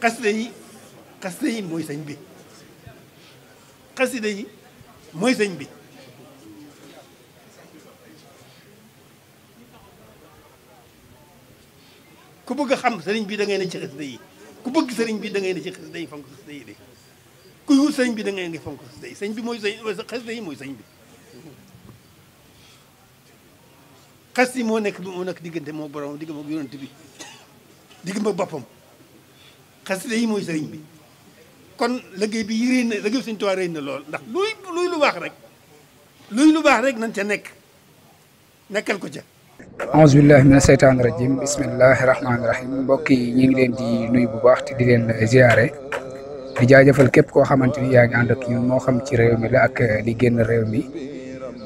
xasida yi xasida yi mooy sëñ bi xasida yi mooy sëñ bi ku bëgg a xam sëriñ bi da ngay ne ci xasida yi ku bëgg sëriñ bi da ngay ne ci xasida yi fonk xasida yi de kuy wut sëriñ bi da ngay ne fonk xasida yi sëñ bi mooy sëñ xasida yi mooy sëñ bi xas yi moo nekk moo nekk diggante moo borom digg ma yonent bi digg ma boppam xasida yi mooy sëriñ bi kon liggéey bi réy na liggéey Sëriñ Tuubaa réy na lool ndax luy luy lu baax rek nañ ca nekk nekkeel ko ca auzu billahi mina seytaani rajim bismillahi rahmaani rahim mbokk yi ñu ngi leen di nuyu bu baax te di leen ziare di jaajëfal képp koo xamante ni yaa ngi ànd ak ñun moo xam ci réew mi la ak li génn réew mi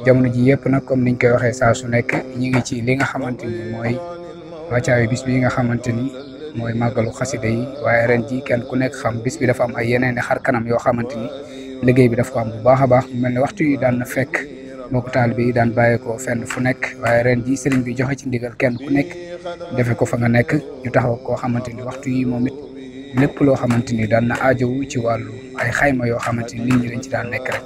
jamono ji yëpp nag comme niñ koy waxee saa su nekk ñu ngi ci li nga xamante mooy wàccaayu bis nga xamante mooy màggalu xasida yi waaye ren ji kenn ku nekk xam bis bi dafa am ay yeneen xar kanam yoo xamante ni liggéey bi daf ko am bu baax a baax mel ni waxtu yi daan na fekk mbokk taalibe yi daan bàyyeekoo fenn fu nekk waaye ren ji sëriñ bi joxe ci ndigal kenn ku nekk defe ko fa nga nekk ñu taxaw koo xamante ni waxtu yi moom it lépp loo xamante ni daan na aajowu ci wàllu ay xayma yoo xamante ni nit ñi dañ ci daan nekk rek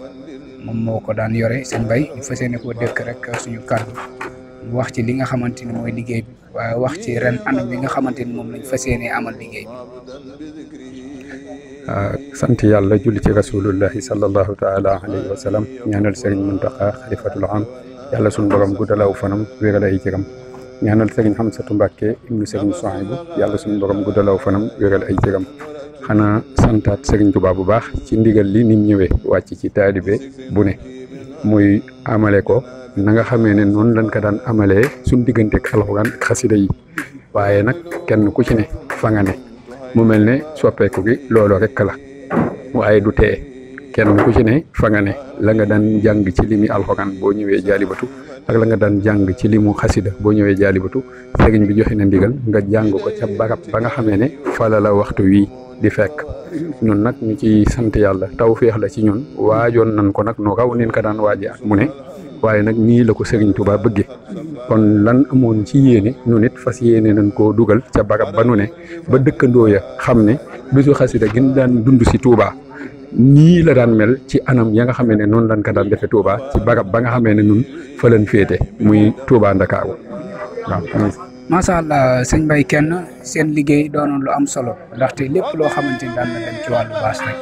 moom moo ko daan yore sëñ bay ñu fas yéene koo dëkk rek suñu kàddu wax ci li nga xamante ni mooy liggéey bi waaye wax ci ren anam yi nga xamante ni moom lañ fas yéenee amal liggéey bi ah, sant yàlla julli ci rasulullahi sallallahu taala alayhi wa sallam ñaanal sëriñ Muntaxa xalifatul am yàlla suñu borom guddalaw fanam wéral ay jëram ñaanal sëriñ Xamsatu Mbàkke ibnu sëriñ Sohaybu yàlla suñu borom guddalaw fanam wéral ay jëram xanaa santaat sëriñ Tuubaa bu baax ci ndigal li nim ñëwe wàcc ci taalibe bu muy amale ko na nga xamee ne noonu lañ ko daan amalee suñ diggante ak alxuraan ak xasida yi waaye nag kenn ku ci ne fa ne mu mel ne soppeeku gi loolu rek la waaye du tee kenn ku ci ne fa ne la nga daan jàng ci limi alxuraan boo ñëwee jaalibatu ak la nga daan jàng ci li mu xasida boo ñëwee jaalibatu sëriñ bi joxe na ndigal nga jàng ko ca barab ba nga xamee ne fala la waxtu wii di fekk ñun nag ñu ci sant yàlla taw feex la ci ñun waajoon nan ko nag no raw nin ka daan waaje mu ne waaye nag nii la ko sëriñ tuba bëgge kon lan amoon ci yéene ñu nit fas yéene nañ koo dugal ca barab ba nu ne ba dëkkandoo ya xam ne bisu xasida gin daan dund si tuubaa nii la daan mel ci anam ya nga xamee ne noonu lañ ko daan defee Touba ci barab ba nga xamee ne nun fa lañ féete muy Touba Ndakaaru waaw. macha allah sëñ Mbaye kenn seen liggéey doon lu am solo ndaxte lépp loo xamante ni daan na dem ci wàllu bâche rek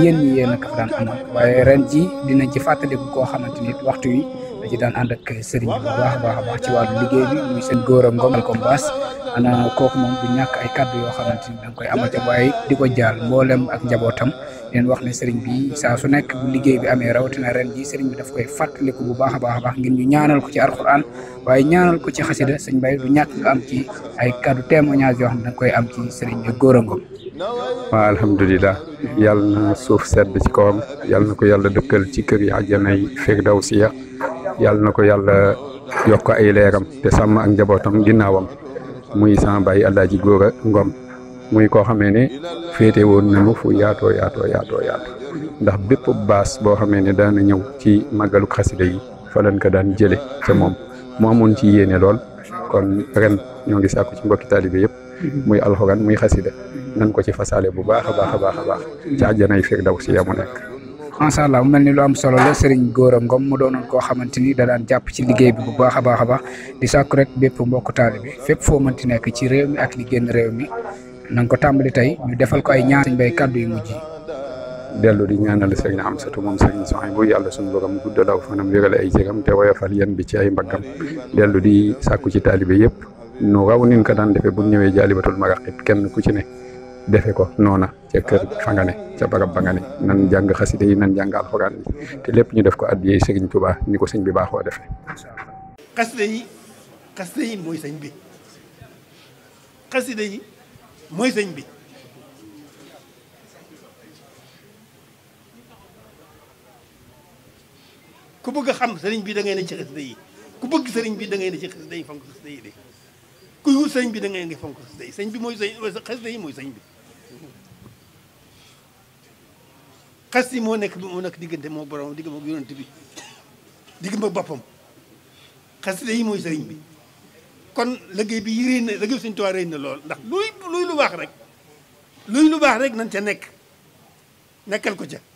yéen ñi yéen a daan amal waaye ren ji dina ci fàttaliku koo xamante ni waxtu yi da ci daan ànd ak sëriñ bu baax a baax a ci wàllu liggéey bi muy seen góor a ngom ko bâche. ana kooku moom du ñàkk ay kàddu yoo xamante ni da nga koy am waaye di ko jaal mboolem ak njabootam leen wax ne sëriñ bi saa su nekk bu liggéey bi amee rawatina ren ji seriñ bi daf koy fàttaliku bu baax a baax a baax ngir ñu ñaanal ko ci alxuraan waaye ñaanal ko ci xasida sëñ Baye du ñàkk nga am ci ay kàddu témoignage yoo xam ne da koy am ci sëriñ bi Gora Ngom waaw alhamdulilah yàlla na suuf sedd ci kawam yàlla na ko yàlla dëkkal ci kër yi àjjanay firdawsiya yàlla na ko yàlla yokk ay leeram te sàmm ak njabootam ginnaawam muy sama baay Alaaji Góora ngoom muy koo xamee ne féete woon nañu fu yaatoo yaatoo yaatoo ndax bépp baas boo xamee ne daana ñëw ci màggalu xasida yi fa lañ ko daan jële te moom mu amoon ci yéene lool kon ren ñoo ngi sàkku ci mbokki taalibe yëpp muy alxuraan muy xasida nan ko ci fasaale bu baax a baax a baax a baax ci àjjanay firdawsi ya mu nekk inshallah allah mel ni lu am solo la Serigne goram Ngom mu donon ko xamanteni da daan japp ci liggéey bi bu baakha baakha ba di sàkku rek bepp mbokk talibi bi fo man ti nek ci réew mi ak li genn réew mi ko tambali tay ñu defal ko ay ñaar sëñ bay kaddu yu mujj delu di ñaanal serigne am satu mom serigne sohay bu yalla sun bogam guddal daw fanam wéral ay jegam te woyofal yeen bi ci ay mbagam delu di sakku ci talibi yep no raw nin ko daan bu ñewé jalibatul maghrib kenn ku ci ne defe ko noona ca ca barab ba nga ne nan jàng xasida yi nan jàng alxuraan te lépp ñu def ko addiyee Serigne Touba ni ko sëñ bi baaxoo defee. xasida yi xasida yi mooy sëñ bi xasida yi mooy sëñ bi. ku bëgg a xam sëriñ bi da ngay ci xasida ku bëgg sëriñ bi da ngay ne ci xasida yi fonk xasida yi de ku wut sëriñ bi da ngay ne fonk xasida sëñ bi mooy sëñ xasida yi mooy sëñ bi xas yi moo nekk moo nekk digg diggante moo borom digg moog yonent bi digg moog boppam xas yi mooy sëriñ bi kon liggéey bi yi réy na liggéey bi suñu tuwaa réy na lool ndax luy luy lu baax rek luy lu baax rek nañ ca nekk nekkal ko ca